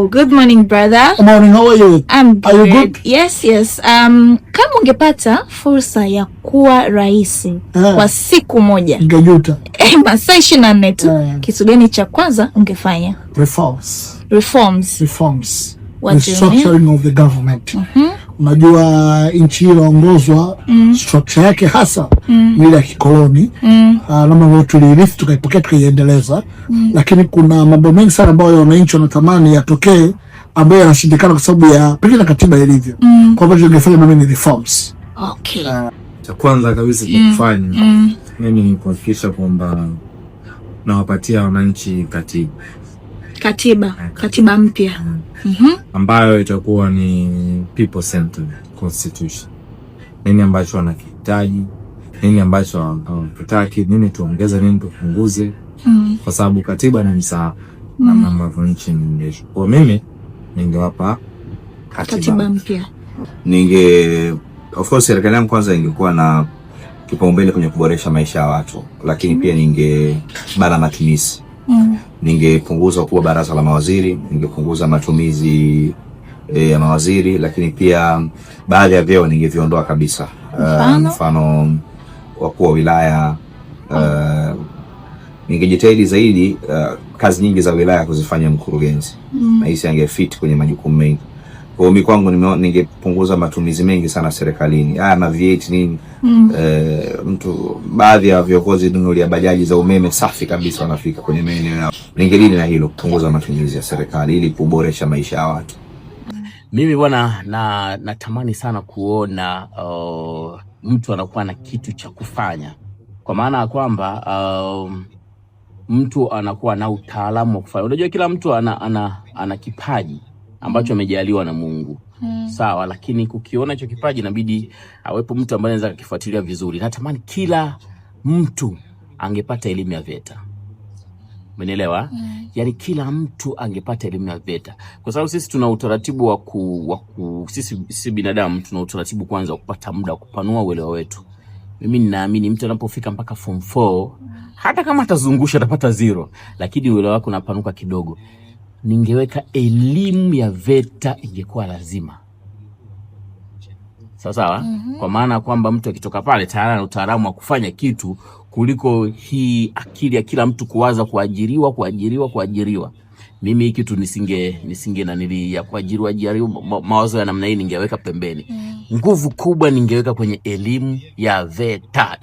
Hello, good morning brother. Good morning, how are you? I'm good. Are you good? Yes, yes. Um, kama ungepata fursa ya kuwa rais yeah, kwa siku moja ungejuta eh, masaa ishirini na nne tu ah, yeah, kitu gani cha kwanza ungefanya? Reforms. Reforms. Reforms. Restructuring of the government. Mm -hmm. Unajua nchi hii inaongozwa mm. structure yake hasa mm. ile ya kikoloni mm. uh, ah, namna tuliirithi tukaipokea tukaiendeleza mm. lakini kuna mambo mengi sana ambayo wananchi wanatamani yatokee ambayo yanashindikana kwa sababu ya pengine katiba ilivyo mm. kwa hivyo tungefanya mimi ni reforms. Okay. Uh, cha kwanza kabisa mm. kufanya mm. mimi ni kuhakikisha kwamba nawapatia wananchi katiba katiba eh, katiba mpya mm. -hmm. ambayo itakuwa ni people centered constitution. Nini ambacho wanakihitaji, nini ambacho hawakitaki, nini tuongeze, nini tupunguze mm -hmm. kwa sababu katiba mm-hmm. ni msaada namna ambavyo nchi inaendeshwa. Kwa mimi ningewapa katiba mpya, ninge of course serikali yangu kwanza ingekuwa na kipaumbele kwenye kuboresha maisha ya watu, lakini mm -hmm. pia ningebana matumizi mm. ningepunguza kuwa baraza la mawaziri, ningepunguza matumizi eh, ya mawaziri, lakini pia baadhi ya vyeo ningeviondoa kabisa. Eh, mfano uh, wakuu wa wilaya uh, ningejitahidi zaidi uh, kazi nyingi za wilaya kuzifanya mkurugenzi mm. na hisi angefit kwenye majukumu mengi kwa mimi kwangu ningepunguza matumizi mengi sana serikalini. Haya ah, na v nini? Mm. E, mtu baadhi ya viongozi dunia bajaji za umeme safi kabisa wanafika kwenye maeneo yao. Ningelini na hilo kupunguza matumizi ya serikali ili kuboresha maisha ya watu. Mimi bwana na natamani sana kuona uh, mtu anakuwa na kitu cha kufanya kwa maana ya kwamba um, mtu anakuwa na utaalamu wa kufanya. Unajua kila mtu ana, ana, ana kipaji ambacho amejaliwa na Mungu hmm. Sawa, lakini kukiona hicho kipaji inabidi awepo mtu ambaye anaweza kukifuatilia vizuri. Natamani kila mtu angepata elimu ya VETA, umenielewa? hmm. Yaani kila mtu angepata elimu ya VETA kwa sababu sisi tuna utaratibu wa ku, wa ku sisi, sisi binadamu tuna utaratibu kwanza wa kupata muda wa kupanua uelewa wetu. Mimi ninaamini mtu anapofika mpaka form 4 hata kama atazungusha atapata zero, lakini uelewa wake unapanuka kidogo ningeweka elimu ya VETA ingekuwa lazima sawa mm -hmm. Kwa maana kwamba mtu akitoka pale tayari na utaalamu wa kufanya kitu kuliko hii akili ya kila mtu kuwaza kuajiriwa kuajiriwa kuajiriwa. Mimi hii kitu nisinge nisinge na nili ya kuajiriwa jaribu mawazo ya namna hii ningeweka pembeni. mm. Nguvu kubwa ningeweka kwenye elimu ya VETA.